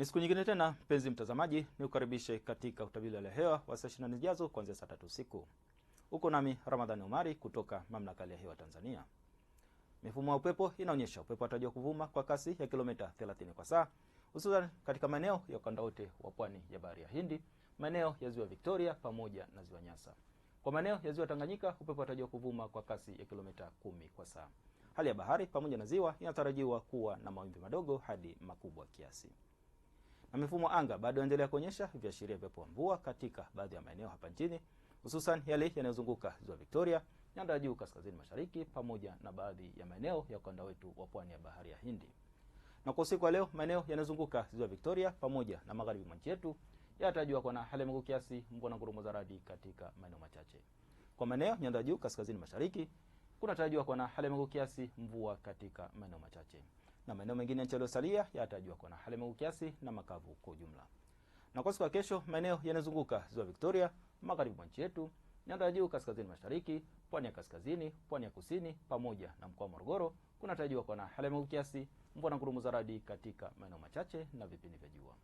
Ni siku nyingine tena mpenzi mtazamaji, ni kukaribishe katika utabili wa hewa wa saa 24 zijazo kuanzia saa tatu usiku. Uko nami Ramadhani umari kutoka Mamlaka ya Hewa Tanzania. Mifumo ya upepo inaonyesha upepo atajua kuvuma kwa kasi ya kilomita 30 kwa saa, hususan katika maeneo ya ukanda wote wa pwani ya Bahari ya Hindi, maeneo ya Ziwa Victoria pamoja na Ziwa Nyasa. Kwa maeneo ya Ziwa Tanganyika, upepo atajua kuvuma kwa kasi ya kilomita 10 kwa saa. Hali ya bahari pamoja na ziwa inatarajiwa kuwa na mawimbi madogo hadi makubwa kiasi. Na mifumo anga bado endelea kuonyesha viashiria vya mvua katika baadhi ya maeneo hapa nchini, hususan yale yanayozunguka ziwa Victoria, nyanda ya juu kaskazini mashariki, pamoja na baadhi ya maeneo ya ukanda wetu wa pwani ya bahari ya Hindi. Na kwa usiku wa leo, maeneo yanayozunguka ziwa Victoria pamoja na magharibi mwa nchi yetu yatajua kuwa na hali ya mawingu kiasi, mvua na ngurumo za radi katika maeneo machache. Kwa maeneo nyanda juu kaskazini mashariki kunatarajiwa kuwa na hali ya mawingu kiasi, mvua katika maeneo machache na maeneo mengine nchi yaliyosalia yatajua kuwa na hali ya kiasi na makavu kwa ujumla. Na kwa siku ya kesho, maeneo yanayozunguka ziwa Victoria, magharibi mwa nchi yetu, nyanda ya juu kaskazini mashariki, pwani ya kaskazini, pwani ya kusini pamoja na mkoa wa Morogoro kunatarajiwa kuwa na hali ya kiasi, mvua na ngurumo za radi katika maeneo machache na vipindi vya jua.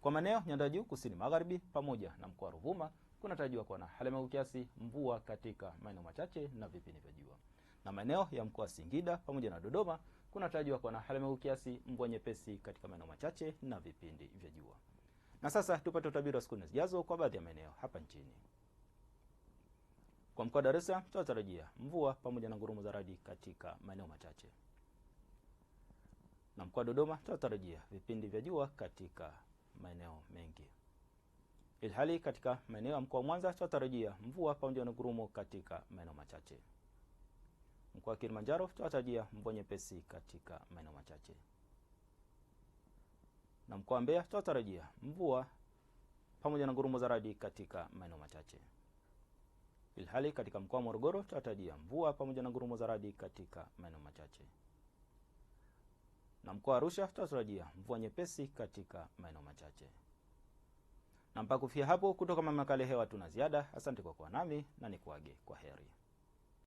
Kwa maeneo nyanda ya juu kusini magharibi pamoja na mkoa wa Ruvuma kunatarajiwa kuwa na hali ya kiasi, mvua katika maeneo machache na vipindi vya jua. Na maeneo ya mkoa wa Singida pamoja na Dodoma kunatarajiwa kuwa na hali mawingu kiasi, mvua nyepesi katika maeneo machache na vipindi vya jua. Na sasa tupate utabiri wa siku nne zijazo kwa baadhi ya maeneo hapa nchini. Kwa mkoa wa Dar es Salaam tunatarajia mvua pamoja na ngurumo za radi katika maeneo machache, na mkoa wa Dodoma tunatarajia vipindi vya jua katika maeneo mengi, ilhali katika maeneo ya mkoa wa Mwanza tunatarajia mvua pamoja na ngurumo katika maeneo machache mkoa wa Kilimanjaro tutawatajia mvua nyepesi katika maeneo machache, na mkoa wa Mbeya tutawatarajia mvua pamoja na ngurumo za radi katika maeneo machache, ilhali katika mkoa wa Morogoro tutawatarajia mvua pamoja na ngurumo za radi katika maeneo machache, na mkoa wa Arusha tutawatarajia mvua nyepesi katika maeneo machache. Na mpaka hapo, kutoka mamlaka ya hewa tuna ziada. Asante kwa kuwa nami na nikuage kwa heri.